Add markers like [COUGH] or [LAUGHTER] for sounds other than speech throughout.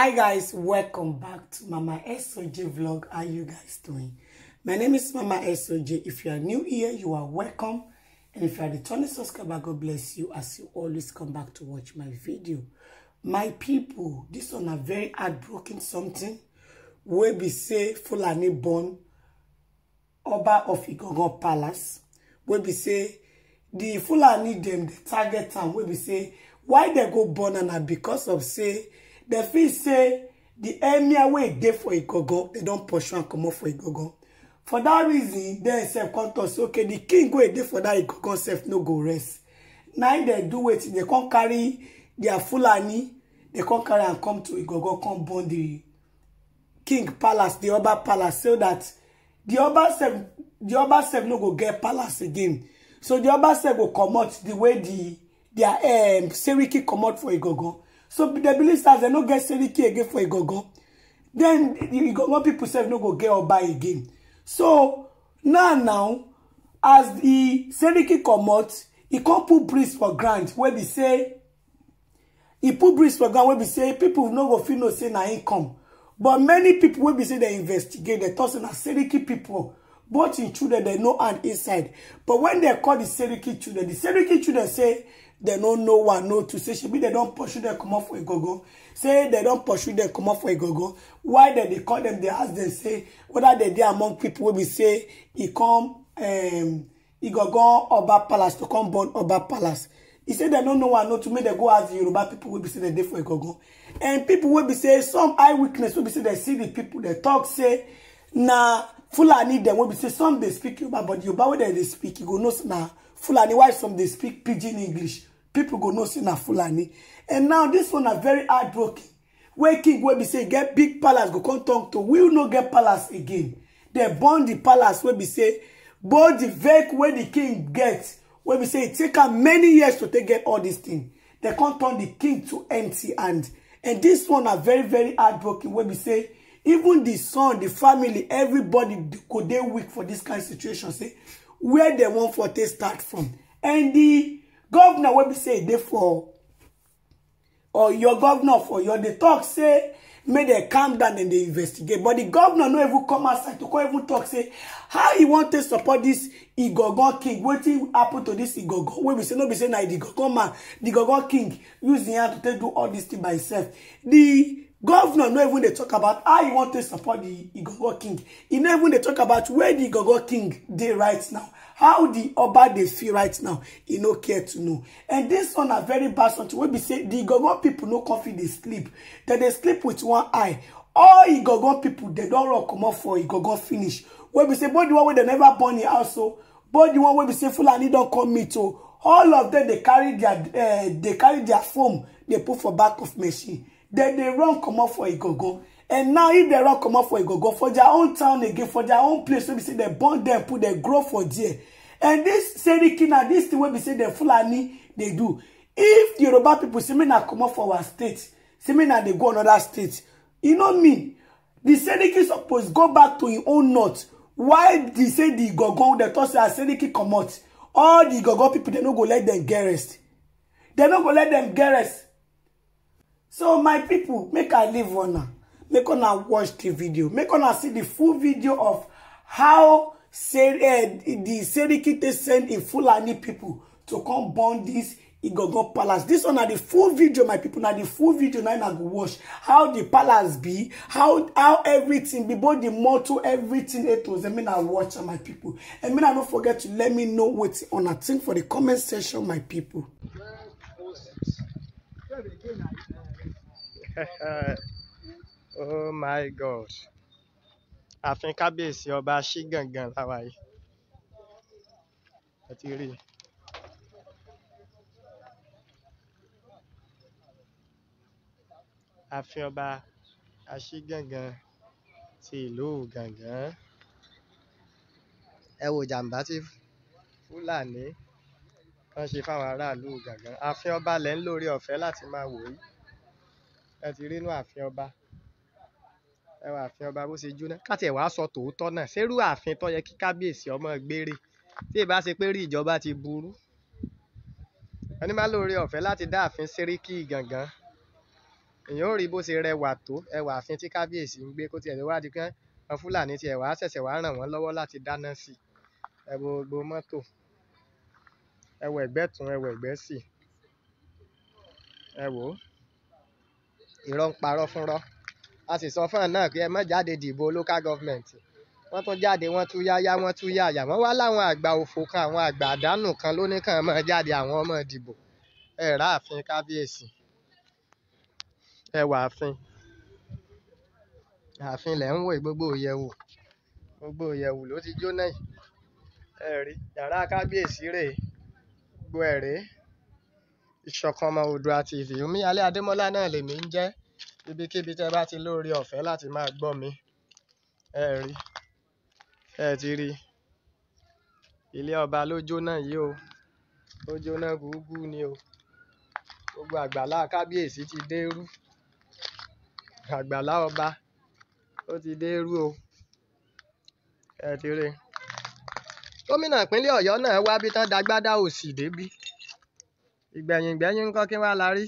hi guys welcome back to mama soj vlog how you guys doing my name is mama soj if you are new here you are welcome and if you are the returning subscriber god bless you as you always come back to watch my video my people this one a very heartbroken something Where we say fulani born oba of igangan palace Where we say the fulani them the target am Where we say why they go born and na because of say dem feel say di emir wey dey for igogo dem don pursue am comot for igogo for dat reason dem sef come tok say okay di king wey dey for dat igogo sef no go rest na im dem do wetin dem come carry dia fulani dem come carry am come to igogo come burn di king palace di oba palace so dat di oba sef di oba sef no go get palace again so di oba sef go comot di way di dia um, seriki comot for igogo so the believe they no get seriki again for igogon den igogon people sef no go get or buy again so now now as the di come out, he come put breeze for grant where be say he put breeze for grant where be say people no go feel no say na income. but many people wey be say they investigate dem talk say na seriki people. Both in children, they know and inside. But when they call the Seriki children, the Seriki children say they don't know one, no two. Say she be they don't pursue them come off for a go-go. Say they don't pursue them come off for a go-go. Why then they call them, they ask them, say, whether they there among people will we say he come um he go go Oba Palace to come born Oba Palace. He said they don't know one, no two. Make they go as the Yoruba people will be say they there for a go-go. And people will be say some eye witness will be say they see the people, they talk, say, nah fulani dem wey be say some they speak yoruba but yoruba wey they dey speak you go know say na fulani why some they speak pidgin english People go know say na fulani and now this one are very heartbroken wey king wey be say get big palace go come talk to will not get palace again They burn the palace wey be say both the vehicle where the king gets, wey be say e take am many years to take get all this thing They come turn di king to empty hand and this one are very very heartbroken wey be say even the son the family everybody go dey weak for this kind of situation say where dem wan for take start from and di govnor wey be say e dey for or your governor for your dey talk say make dem calm down and dey investigate but the governor no even come outside to come even talk say how e wan take support this igogon king wetin happen to this igogon wey be say no be say na The igogon man the igogon king use im hand to take do all this thing by himself The governor no even they talk about how you want to support the igogo king e no even they talk about where the igogo king dey right now how the oba they feel right now e no care to know and this one a very bad something wey be say the igogo people no come they sleep dem they sleep with one eye all igogo pipo dem don come up for igogo finish wey be say both di one wey they never born e house o both di one wey be say he don't come meet o all of them they carry their they eh, carry their phone They put for back of machine dem they run come comot for igogo and now if they run come comot for igogo for their own town again for their own place wey be say dem born dem put dem grow for there and this seriki na dis thing we see say dem fulani dey do if the yoruba people see me make come comot for our state see me na they go another state You know me, the seriki supposed go back to his own north why they say the Gogo dem talk say Seneki come out? all the Gogo people they no go let them get rest dem no go let them get rest so my people, make i leave now. make una watch the video make una see the full video of how Seri eh, the serikite send im fulani people to come burn this igogo palace This one na the full video my people. na the full video na im i go watch how the palace be how how everything be both di motto everything it was i mean i watch my people. And mean i no forget to let me know on a thing for the comment section my people. [LAUGHS] oh my god ààfin kábíyèsí ọba ṣígàngàn làwa yìí ẹ ti rí i. ààfin ọba aṣígàngàn ti ìlú gàngán ẹ wo jàǹbá tí fúlàní kan ṣe fáwọn aráàlú gàngán ààfin ọba lẹ́ ń lórí ọ̀fẹ́ láti máa wò yìí ẹ ti rí inú ààfin ọba ẹ wà ààfin ọba bó ṣe jóná káti ẹ̀ wàá sọ tòótọ́ náà ṣerú ààfin tó yẹ kí kábíyèsí ọmọ gbére tí ìbá ṣe pé rí ìjọba ti burú ẹni má lóore ọ̀fẹ́ láti dá ààfin Séríkì gangan èèyàn ò rí bó ṣe rẹwà tó ẹwà ààfin tí kábíyèsí ń gbé kó tiẹ̀ lè wá di kán àwọn Fúlàní tiẹ̀ wàá ṣẹ̀ṣẹ̀ wàá ràn wọ́n lọ́wọ́ láti dáná sí ẹ wo gbogbo mọ́tò ẹ wo ẹ̀gbẹ́ tún ẹ wo ẹ̀gbẹ́ sí ẹ wò ó irọ́ ń parọ́ fúnrọ́ a sì sọ fún ẹ̀ náà pé ẹ má jáde dìbò local government wọ́n tún jáde wọ́n tún yáyá wọ́n tún yáyà wọ́n wá láwọn àgbà òfò kan àwọn àgbà àdánù kan lóní kan máa jáde àwọn ọmọ ìdìbò ẹ rà àfin kábíyèsí ẹ wà àfin àfin lẹ̀ ń wò gbogbo òyẹ̀wò gbogbo òyẹ̀wò ló ti jóná yìí ẹ rí yàrá kábíyèsí rèé gbogbo ẹ̀ rèé. Ìṣọ̀kan ọmọ Oòduà TV Wunmi Adémọ́lá náà lèmi ń jẹ́ ibikíbi tẹ́ bá ti lóore ọ̀fẹ́ láti máa gbọ́ mi ẹ rí ẹ ti rí ilé ọba ló jóná yìí o ó jóná gúgú ni o gbogbo àgbàlá kábíyèsí ti dérú àgbàlá ọba ó ti dérú o ẹ ti rí gómìnà ìpínlẹ̀ Ọ̀yọ́ náà wá bí tán dagbádá òsì débí ìgbẹ̀yìn ìgbẹ́yìn ńkọ́ kí wá la rí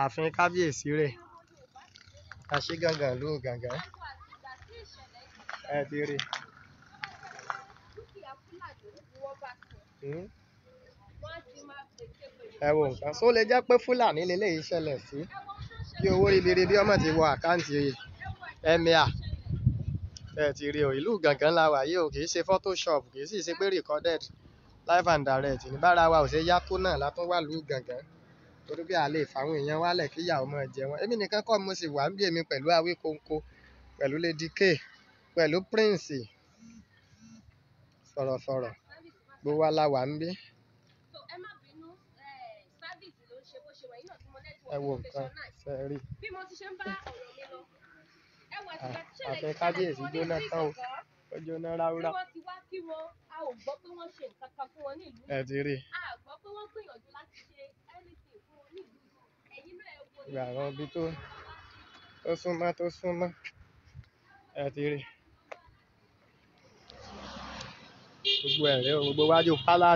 ààfin kábíyèsí rẹ̀ àṣé gangan ló gangan ẹ ti rí hmm? ẹ wo nǹkan só lè jẹ́ pé fúlàní leléyìí ṣẹlẹ̀ sí kí owó ribiribi ọmọ ti wọ àkáǹtì ẹ̀míà ẹ ti rí o ìlú gangan la wà yìí o kì í ṣe photoshop kì í sì ṣe pé recorded live and direct ní bára wa ò ṣe yá tó náà látún wà lóò gàngán torí pé a lè fàwọn èèyàn wálẹ̀ kí ìyàwó máa jẹ wọn èmi nìkan kọ́ mo sì wà ń bí èmi pẹ̀lú Awíkonko pẹ̀lú Lady K pẹ̀lú Prince sọ̀rọ̀sọ̀rọ̀ gbogbo wa la wà ń bí. ẹ wo nǹkan ṣe rí. bí mo ti ṣe ń bá ọjọ́ náà ráúrá. tí wọ́n ti wá kí wọn a ò gbọ́ pé wọ́n ṣe nǹkan kan fún wọn ní ìlú yìí. ẹ ti rí i. a gbọ́ pé wọ́n gbìyànjú tó tó súnmọ́ tó súnmọ́ ẹ ti rí i. gbogbo ẹ̀rẹ́ o gbogbo wájú pálá.